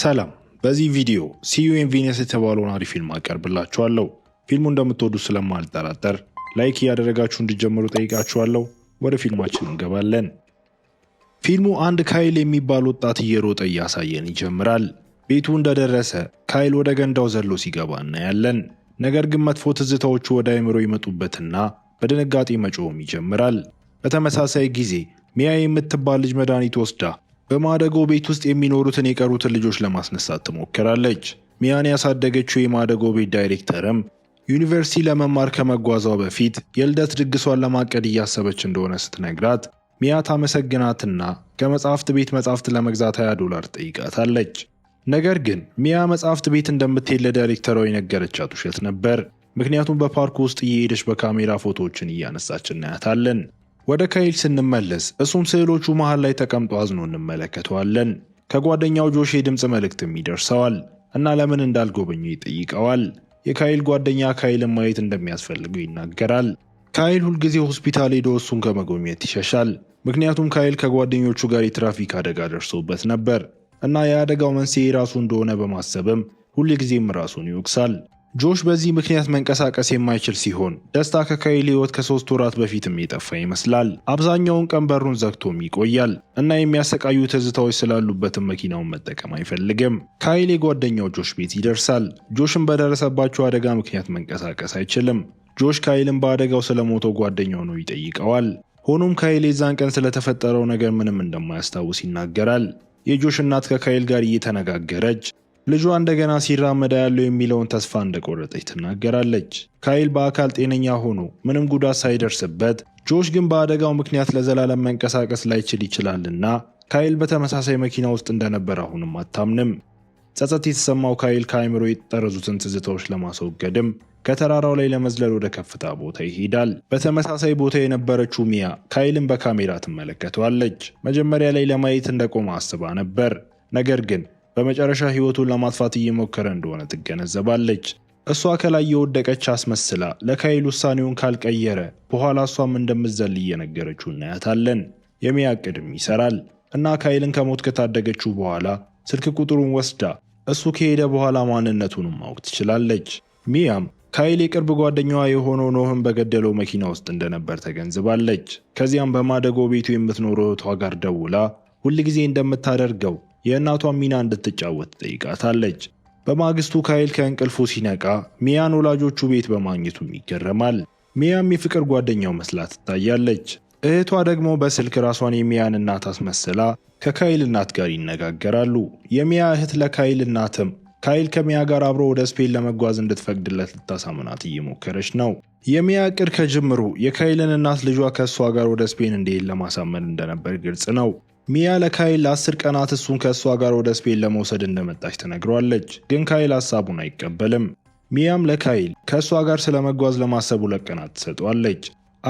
ሰላም። በዚህ ቪዲዮ ሲዩ ኢን የተባለውን አሪፍ ፊልም አቀርብላችኋለሁ። ፊልሙ እንደምትወዱ ስለማልጠራጠር ላይክ እያደረጋችሁ እንዲጀምሩ ጠይቃችኋለሁ። ወደ ፊልማችን እንገባለን። ፊልሙ አንድ ካይል የሚባል ወጣት እየሮጠ እያሳየን ይጀምራል። ቤቱ እንደደረሰ ካይል ወደ ገንዳው ዘሎ ሲገባ እናያለን። ነገር ግን መጥፎ ትዝታዎቹ ወደ አይምሮ ይመጡበትና በድንጋጤ መጮውም ይጀምራል። በተመሳሳይ ጊዜ ሚያ የምትባል ልጅ መድኃኒት ወስዳ በማደጎ ቤት ውስጥ የሚኖሩትን የቀሩትን ልጆች ለማስነሳት ትሞክራለች። ሚያን ያሳደገችው የማደጎ ቤት ዳይሬክተርም ዩኒቨርሲቲ ለመማር ከመጓዟ በፊት የልደት ድግሷን ለማቀድ እያሰበች እንደሆነ ስትነግራት ሚያ ታመሰግናትና ከመጽሐፍት ቤት መጽሐፍት ለመግዛት 20 ዶላር ጠይቃታለች። ነገር ግን ሚያ መጽሐፍት ቤት እንደምትሄድ ለዳይሬክተሯ የነገረቻት ውሸት ነበር። ምክንያቱም በፓርኩ ውስጥ እየሄደች በካሜራ ፎቶዎችን እያነሳች እናያታለን። ወደ ካይል ስንመለስ እሱም ስዕሎቹ መሃል ላይ ተቀምጦ አዝኖ እንመለከተዋለን። ከጓደኛው ጆሽ የድምፅ መልእክትም ይደርሰዋል እና ለምን እንዳልጎበኘ ይጠይቀዋል። የካይል ጓደኛ ካይልን ማየት እንደሚያስፈልገው ይናገራል። ካይል ሁልጊዜ ሆስፒታል ሄዶ እሱን ከመጎብኘት ይሸሻል። ምክንያቱም ካይል ከጓደኞቹ ጋር የትራፊክ አደጋ ደርሶበት ነበር እና የአደጋው መንስኤ ራሱ እንደሆነ በማሰብም ሁልጊዜም ራሱን ይወቅሳል። ጆሽ በዚህ ምክንያት መንቀሳቀስ የማይችል ሲሆን ደስታ ከካይል ህይወት ከሶስት ወራት በፊትም የጠፋ ይመስላል። አብዛኛውን ቀን በሩን ዘግቶም ይቆያል እና የሚያሰቃዩ ትዝታዎች ስላሉበትም መኪናውን መጠቀም አይፈልግም። ካይል የጓደኛው ጆሽ ቤት ይደርሳል። ጆሽም በደረሰባቸው አደጋ ምክንያት መንቀሳቀስ አይችልም። ጆሽ ካይልን በአደጋው ስለሞተው ጓደኛው ነው ይጠይቀዋል። ሆኖም ካይል የዛን ቀን ስለተፈጠረው ነገር ምንም እንደማያስታውስ ይናገራል። የጆሽ እናት ከካይል ጋር እየተነጋገረች ልጇ እንደገና ሲራመዳ ያለው የሚለውን ተስፋ እንደቆረጠች ትናገራለች። ካይል በአካል ጤነኛ ሆኖ ምንም ጉዳት ሳይደርስበት፣ ጆሽ ግን በአደጋው ምክንያት ለዘላለም መንቀሳቀስ ላይችል ይችላልና ካይል በተመሳሳይ መኪና ውስጥ እንደነበር አሁንም አታምንም። ጸጸት የተሰማው ካይል ከአይምሮ የተጠረዙትን ትዝታዎች ለማስወገድም ከተራራው ላይ ለመዝለል ወደ ከፍታ ቦታ ይሄዳል። በተመሳሳይ ቦታ የነበረችው ሚያ ካይልን በካሜራ ትመለከተዋለች። መጀመሪያ ላይ ለማየት እንደቆመ አስባ ነበር፣ ነገር ግን በመጨረሻ ህይወቱን ለማጥፋት እየሞከረ እንደሆነ ትገነዘባለች። እሷ ከላይ የወደቀች አስመስላ ለካይል ውሳኔውን ካልቀየረ በኋላ እሷም እንደምትዘል እየነገረችው እናያታለን። የሚያቅድም ይሰራል እና ካይልን ከሞት ከታደገችው በኋላ ስልክ ቁጥሩን ወስዳ እሱ ከሄደ በኋላ ማንነቱንም ማወቅ ትችላለች። ሚያም ካይል የቅርብ ጓደኛዋ የሆነው ኖህን በገደለው መኪና ውስጥ እንደነበር ተገንዝባለች። ከዚያም በማደጎ ቤቱ የምትኖረው እህቷ ጋር ደውላ ሁልጊዜ እንደምታደርገው የእናቷን ሚና እንድትጫወት ትጠይቃታለች። በማግስቱ ካይል ከእንቅልፉ ሲነቃ ሚያን ወላጆቹ ቤት በማግኘቱም ይገረማል። ሚያም የፍቅር ጓደኛው መስላ ትታያለች። እህቷ ደግሞ በስልክ ራሷን የሚያን እናት አስመስላ ከካይል እናት ጋር ይነጋገራሉ። የሚያ እህት ለካይል እናትም ካይል ከሚያ ጋር አብሮ ወደ ስፔን ለመጓዝ እንድትፈቅድለት ልታሳምናት እየሞከረች ነው። የሚያ እቅድ ከጅምሩ የካይልን እናት ልጇ ከእሷ ጋር ወደ ስፔን እንዲሄድ ለማሳመን እንደነበር ግልጽ ነው። ሚያ ለካይል አስር ቀናት እሱን ከእሷ ጋር ወደ ስፔን ለመውሰድ እንደመጣች ተነግሯለች። ግን ካይል ሀሳቡን አይቀበልም። ሚያም ለካይል ከእሷ ጋር ስለመጓዝ ለማሰብ ሁለት ቀናት ትሰጧለች።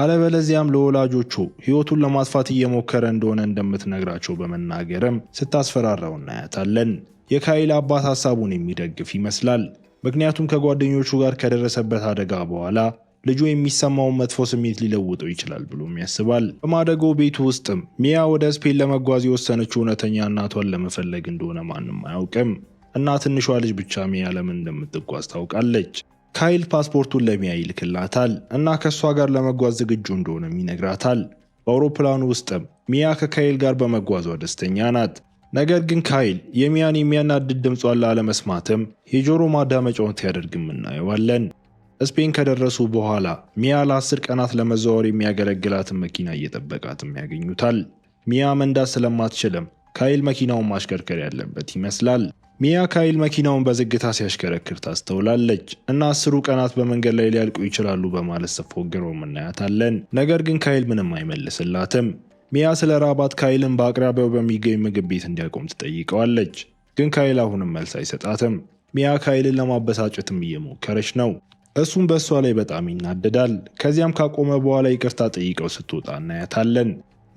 አለበለዚያም ለወላጆቹ ሕይወቱን ለማጥፋት እየሞከረ እንደሆነ እንደምትነግራቸው በመናገርም ስታስፈራራው እናያታለን። የካይል አባት ሀሳቡን የሚደግፍ ይመስላል። ምክንያቱም ከጓደኞቹ ጋር ከደረሰበት አደጋ በኋላ ልጁ የሚሰማውን መጥፎ ስሜት ሊለውጠው ይችላል ብሎም ያስባል። በማደጎ ቤቱ ውስጥም ሚያ ወደ ስፔን ለመጓዝ የወሰነችው እውነተኛ እናቷን ለመፈለግ እንደሆነ ማንም አያውቅም እና ትንሿ ልጅ ብቻ ሚያ ለምን እንደምትጓዝ ታውቃለች። ካይል ፓስፖርቱን ለሚያ ይልክላታል እና ከእሷ ጋር ለመጓዝ ዝግጁ እንደሆነም ይነግራታል። በአውሮፕላኑ ውስጥም ሚያ ከካይል ጋር በመጓዟ ደስተኛ ናት። ነገር ግን ካይል የሚያን የሚያናድድ ድምጿን ላለመስማትም የጆሮ ማዳመጫውን ሲያደርግም እናየዋለን። ስፔን ከደረሱ በኋላ ሚያ ለአስር ቀናት ለመዘዋወር የሚያገለግላትን መኪና እየጠበቃትም ያገኙታል። ሚያ መንዳት ስለማትችልም ካይል መኪናውን ማሽከርከር ያለበት ይመስላል። ሚያ ካይል መኪናውን በዝግታ ሲያሽከረክር ታስተውላለች እና አስሩ ቀናት በመንገድ ላይ ሊያልቁ ይችላሉ በማለት ስትፎግረውም እናያታለን። ነገር ግን ካይል ምንም አይመልስላትም። ሚያ ስለ ራባት ካይልን በአቅራቢያው በሚገኝ ምግብ ቤት እንዲያቆም ትጠይቀዋለች። ግን ካይል አሁንም መልስ አይሰጣትም። ሚያ ካይልን ለማበሳጨትም እየሞከረች ነው። እሱም በእሷ ላይ በጣም ይናደዳል። ከዚያም ካቆመ በኋላ ይቅርታ ጠይቀው ስትወጣ እናያታለን።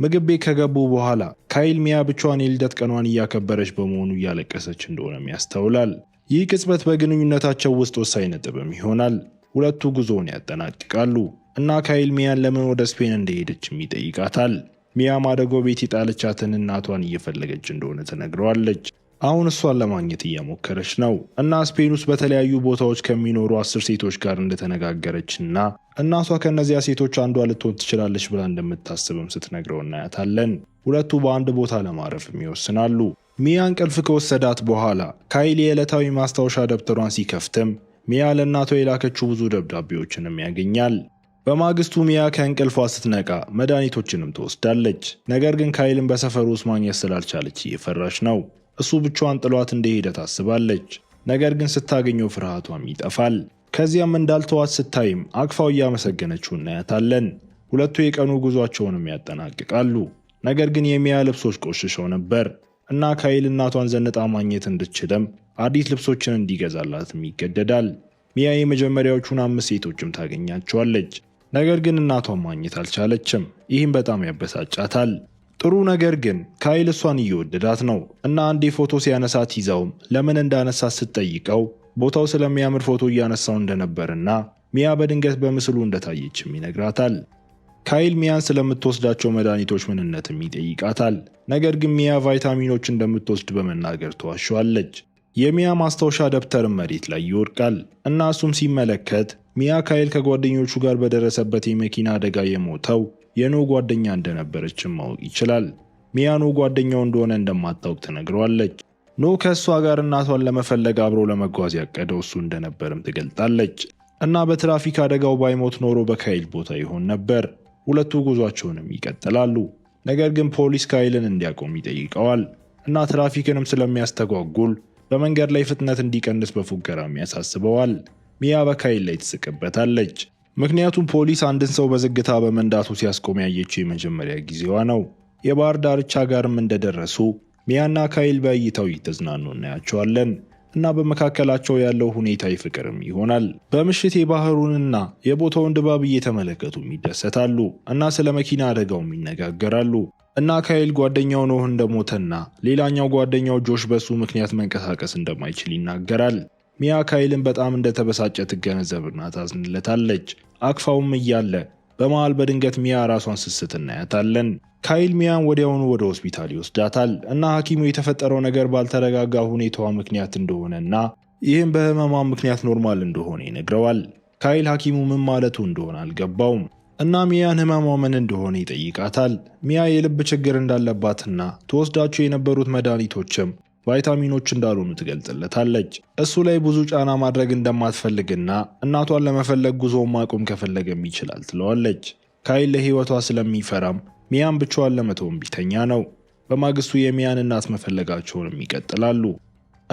ምግብ ቤት ከገቡ በኋላ ካይል ሚያ ብቻዋን የልደት ቀኗን እያከበረች በመሆኑ እያለቀሰች እንደሆነም ያስተውላል። ይህ ቅጽበት በግንኙነታቸው ውስጥ ወሳኝ ነጥብም ይሆናል። ሁለቱ ጉዞውን ያጠናቅቃሉ እና ካይል ሚያን ለምን ወደ ስፔን እንደሄደችም ይጠይቃታል። ሚያ ማደጎ ቤት የጣለቻትን እናቷን እየፈለገች እንደሆነ ትነግረዋለች። አሁን እሷን ለማግኘት እየሞከረች ነው እና ስፔን ውስጥ በተለያዩ ቦታዎች ከሚኖሩ አስር ሴቶች ጋር እንደተነጋገረች እና እናቷ ከእነዚያ ሴቶች አንዷ ልትሆን ትችላለች ብላ እንደምታስብም ስትነግረው እናያታለን። ሁለቱ በአንድ ቦታ ለማረፍም ይወስናሉ። ሚያ እንቅልፍ ከወሰዳት በኋላ ካይል የዕለታዊ ማስታወሻ ደብተሯን ሲከፍትም ሚያ ለእናቷ የላከችው ብዙ ደብዳቤዎችንም ያገኛል። በማግስቱ ሚያ ከእንቅልፏ ስትነቃ መድኃኒቶችንም ትወስዳለች። ነገር ግን ካይልን በሰፈሩ ውስጥ ማግኘት ስላልቻለች እየፈራች ነው። እሱ ብቻዋን ጥሏት እንደሄደ ታስባለች። ነገር ግን ስታገኘው ፍርሃቷም ይጠፋል። ከዚያም እንዳልተዋት ስታይም አቅፋው እያመሰገነችው እናያታለን። ሁለቱ የቀኑ ጉዟቸውንም ያጠናቅቃሉ። ነገር ግን የሚያ ልብሶች ቆሽሸው ነበር እና ካይል እናቷን ዘንጣ ማግኘት እንድችልም አዲስ ልብሶችን እንዲገዛላትም ይገደዳል። ሚያ የመጀመሪያዎቹን አምስት ሴቶችም ታገኛቸዋለች። ነገር ግን እናቷን ማግኘት አልቻለችም። ይህም በጣም ያበሳጫታል። ጥሩ ነገር ግን ካይል እሷን እየወደዳት ነው እና አንዴ ፎቶ ሲያነሳት ይዛውም ለምን እንዳነሳት ስትጠይቀው ቦታው ስለሚያምር ፎቶ እያነሳው እንደነበርና ሚያ በድንገት በምስሉ እንደታየችም ይነግራታል። ካይል ሚያን ስለምትወስዳቸው መድኃኒቶች ምንነትም ይጠይቃታል። ነገር ግን ሚያ ቫይታሚኖች እንደምትወስድ በመናገር ተዋሸዋለች። የሚያ ማስታወሻ ደብተርም መሬት ላይ ይወድቃል እና እሱም ሲመለከት ሚያ ካይል ከጓደኞቹ ጋር በደረሰበት የመኪና አደጋ የሞተው የኖ ጓደኛ እንደነበረችም ማወቅ ይችላል። ሚያ ኖ ጓደኛው እንደሆነ እንደማታውቅ ትነግረዋለች። ኖ ከእሷ ጋር እናቷን ለመፈለግ አብሮ ለመጓዝ ያቀደው እሱ እንደነበርም ትገልጣለች። እና በትራፊክ አደጋው ባይሞት ኖሮ በካይል ቦታ ይሆን ነበር። ሁለቱ ጉዟቸውንም ይቀጥላሉ። ነገር ግን ፖሊስ ካይልን እንዲያቆም ይጠይቀዋል እና ትራፊክንም ስለሚያስተጓጉል በመንገድ ላይ ፍጥነት እንዲቀንስ በፉገራም ያሳስበዋል። ሚያ በካይል ላይ ትስቅበታለች። ምክንያቱም ፖሊስ አንድን ሰው በዝግታ በመንዳቱ ሲያስቆም ያየችው የመጀመሪያ ጊዜዋ ነው። የባህር ዳርቻ ጋርም እንደደረሱ ሚያና ካይል በእይታው እየተዝናኑ እናያቸዋለን እና በመካከላቸው ያለው ሁኔታ ይፍቅርም ይሆናል። በምሽት የባህሩንና የቦታውን ድባብ እየተመለከቱም ይደሰታሉ እና ስለ መኪና አደጋውም ይነጋገራሉ እና ካይል ጓደኛው ኖህ እንደሞተና ሌላኛው ጓደኛው ጆሽ በሱ ምክንያት መንቀሳቀስ እንደማይችል ይናገራል። ሚያ ካይልን በጣም እንደተበሳጨ ትገነዘብና ታዝንለታለች። አክፋውም እያለ በመሃል በድንገት ሚያ ራሷን ስስት እናያታለን። ካይል ሚያን ወዲያውኑ ወደ ሆስፒታል ይወስዳታል እና ሐኪሙ የተፈጠረው ነገር ባልተረጋጋ ሁኔታዋ ምክንያት እንደሆነና ይህም በህመሟ ምክንያት ኖርማል እንደሆነ ይነግረዋል። ካይል ሐኪሙ ምን ማለቱ እንደሆነ አልገባውም እና ሚያን ህመሟ ምን እንደሆነ ይጠይቃታል። ሚያ የልብ ችግር እንዳለባትና ተወስዳቸው የነበሩት መድኃኒቶችም ቫይታሚኖች እንዳልሆኑ ትገልጽለታለች። እሱ ላይ ብዙ ጫና ማድረግ እንደማትፈልግና እናቷን ለመፈለግ ጉዞውን ማቆም ከፈለገም ይችላል ትለዋለች። ካይል ለህይወቷ ስለሚፈራም ሚያን ብቻዋን ለመተውን ቢተኛ ነው። በማግስቱ የሚያን እናት መፈለጋቸውንም ይቀጥላሉ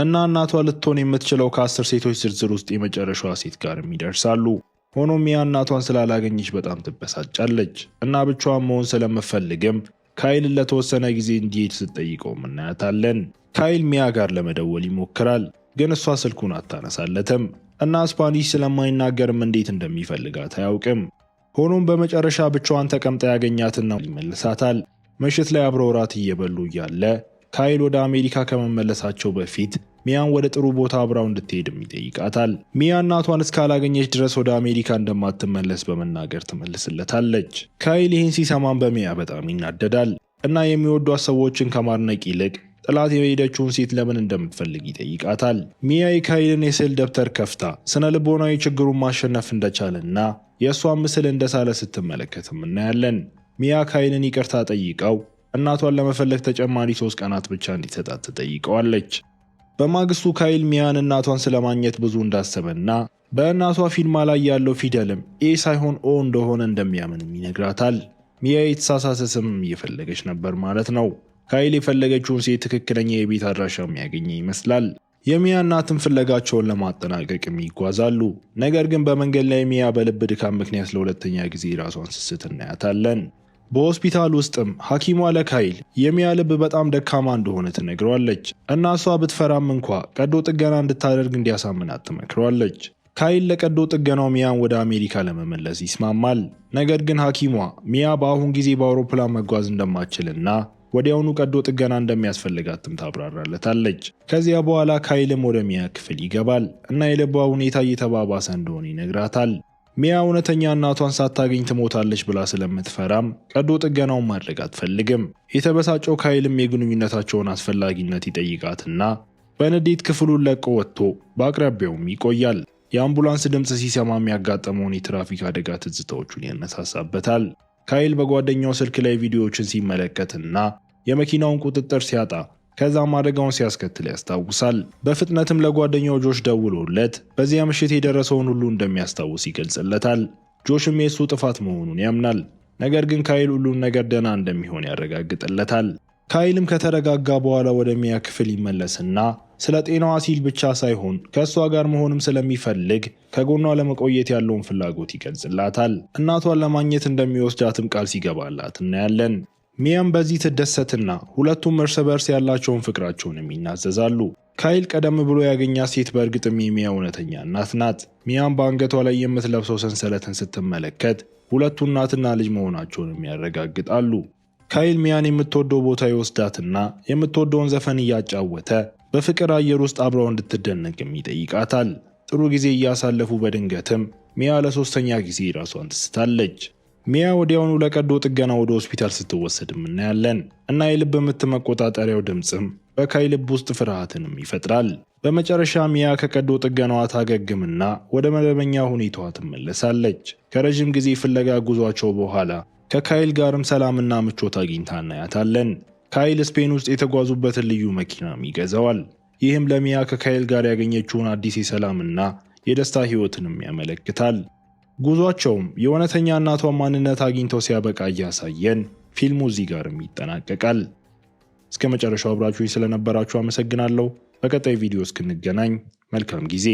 እና እናቷ ልትሆን የምትችለው ከአስር ሴቶች ዝርዝር ውስጥ የመጨረሻዋ ሴት ጋርም ይደርሳሉ። ሆኖም ሚያ እናቷን ስላላገኘች በጣም ትበሳጫለች እና ብቻዋን መሆን ስለምፈልግም ካይልን ለተወሰነ ጊዜ እንዲሄድ ስትጠይቀውም እናያታለን። ካይል ሚያ ጋር ለመደወል ይሞክራል፣ ግን እሷ ስልኩን አታነሳለትም እና ስፓኒሽ ስለማይናገርም እንዴት እንደሚፈልጋት አያውቅም። ሆኖም በመጨረሻ ብቻዋን ተቀምጣ ያገኛትና ይመልሳታል። ምሽት ላይ አብረው እራት እየበሉ እያለ ካይል ወደ አሜሪካ ከመመለሳቸው በፊት ሚያን ወደ ጥሩ ቦታ አብራው እንድትሄድም ይጠይቃታል። ሚያ እናቷን እስካላገኘች ድረስ ወደ አሜሪካ እንደማትመለስ በመናገር ትመልስለታለች። ካይል ይህን ሲሰማን በሚያ በጣም ይናደዳል እና የሚወዷት ሰዎችን ከማድነቅ ይልቅ ጥላት የሄደችውን ሴት ለምን እንደምትፈልግ ይጠይቃታል። ሚያ የካይልን የስዕል ደብተር ከፍታ ስነ ልቦናዊ ችግሩን ማሸነፍ እንደቻለና የእሷን ምስል እንደሳለ ስትመለከትም እናያለን። ሚያ ካይልን ይቅርታ ጠይቀው እናቷን ለመፈለግ ተጨማሪ ሶስት ቀናት ብቻ እንዲሰጣት ትጠይቀዋለች። በማግስቱ ካይል ሚያን እናቷን ስለማግኘት ብዙ እንዳሰበና በእናቷ ፊልማ ላይ ያለው ፊደልም ኤ ሳይሆን ኦ እንደሆነ እንደሚያምንም ይነግራታል። ሚያ የተሳሳተ ስምም እየፈለገች ነበር ማለት ነው። ኃይል የፈለገችውን ሴት ትክክለኛ የቤት አድራሻ የሚያገኘ ይመስላል። የሚያ እናትም ፍለጋቸውን ለማጠናቀቅም ይጓዛሉ። ነገር ግን በመንገድ ላይ ሚያ በልብ ድካም ምክንያት ለሁለተኛ ጊዜ ራሷን ስስት እናያታለን። በሆስፒታል ውስጥም ሐኪሟ ለካይል የሚያ ልብ በጣም ደካማ እንደሆነ ትነግሯለች እና እሷ ብትፈራም እንኳ ቀዶ ጥገና እንድታደርግ እንዲያሳምናት ትመክሯለች። ካይል ለቀዶ ጥገናው ሚያን ወደ አሜሪካ ለመመለስ ይስማማል። ነገር ግን ሐኪሟ ሚያ በአሁን ጊዜ በአውሮፕላን መጓዝ እንደማትችልና ወዲያውኑ ቀዶ ጥገና እንደሚያስፈልጋትም ታብራራለታለች። ከዚያ በኋላ ካይልም ወደ ሚያ ክፍል ይገባል እና የልቧ ሁኔታ እየተባባሰ እንደሆነ ይነግራታል። ሚያ እውነተኛ እናቷን ሳታገኝ ትሞታለች ብላ ስለምትፈራም ቀዶ ጥገናውን ማድረግ አትፈልግም። የተበሳጨው ካይልም የግንኙነታቸውን አስፈላጊነት ይጠይቃትና በንዴት ክፍሉን ለቆ ወጥቶ በአቅራቢያውም ይቆያል። የአምቡላንስ ድምፅ ሲሰማ የሚያጋጠመውን የትራፊክ አደጋ ትዝታዎቹን ያነሳሳበታል። ካይል በጓደኛው ስልክ ላይ ቪዲዮዎችን ሲመለከትና የመኪናውን ቁጥጥር ሲያጣ ከዛም አደጋውን ሲያስከትል ያስታውሳል። በፍጥነትም ለጓደኛው ጆሽ ደውሎለት በዚያ ምሽት የደረሰውን ሁሉ እንደሚያስታውስ ይገልጽለታል። ጆሽም የእሱ ጥፋት መሆኑን ያምናል። ነገር ግን ካይል ሁሉን ነገር ደና እንደሚሆን ያረጋግጥለታል። ካይልም ከተረጋጋ በኋላ ወደ ሚያ ክፍል ይመለስና ስለ ጤናዋ ሲል ብቻ ሳይሆን ከእሷ ጋር መሆንም ስለሚፈልግ ከጎኗ ለመቆየት ያለውን ፍላጎት ይገልጽላታል። እናቷን ለማግኘት እንደሚወስዳትም ቃል ሲገባላት እናያለን። ሚያም በዚህ ትደሰትና ሁለቱም እርስ በርስ ያላቸውን ፍቅራቸውንም ይናዘዛሉ። ካይል ቀደም ብሎ ያገኛት ሴት በእርግጥም የሚያ እውነተኛ እናት ናት። ሚያም በአንገቷ ላይ የምትለብሰው ሰንሰለትን ስትመለከት ሁለቱ እናትና ልጅ መሆናቸውንም ያረጋግጣሉ። ካይልሚያን የምትወደው ቦታ ይወስዳትና የምትወደውን ዘፈን እያጫወተ በፍቅር አየር ውስጥ አብረው እንድትደነቅም ይጠይቃታል። ጥሩ ጊዜ እያሳለፉ በድንገትም ሚያ ለሶስተኛ ጊዜ ራሷን ትስታለች። ሚያ ወዲያውኑ ለቀዶ ጥገና ወደ ሆስፒታል ስትወሰድም እናያለን እና የልብ ምት መቆጣጠሪያው ድምፅም በካይ ልብ ውስጥ ፍርሃትንም ይፈጥራል። በመጨረሻ ሚያ ከቀዶ ጥገናዋ ታገግምና ወደ መደበኛ ሁኔታዋ ትመለሳለች። ከረዥም ጊዜ ፍለጋ ጉዟቸው በኋላ ከካይል ጋርም ሰላምና ምቾት አግኝታ እናያታለን። ካይል ስፔን ውስጥ የተጓዙበትን ልዩ መኪናም ይገዛዋል። ይህም ለሚያ ከካይል ጋር ያገኘችውን አዲስ የሰላምና የደስታ ህይወትንም ያመለክታል። ጉዟቸውም የእውነተኛ እናቷን ማንነት አግኝተው ሲያበቃ እያሳየን ፊልሙ እዚህ ጋርም ይጠናቀቃል። እስከ መጨረሻው አብራችሁ ስለነበራችሁ አመሰግናለሁ። በቀጣይ ቪዲዮ እስክንገናኝ መልካም ጊዜ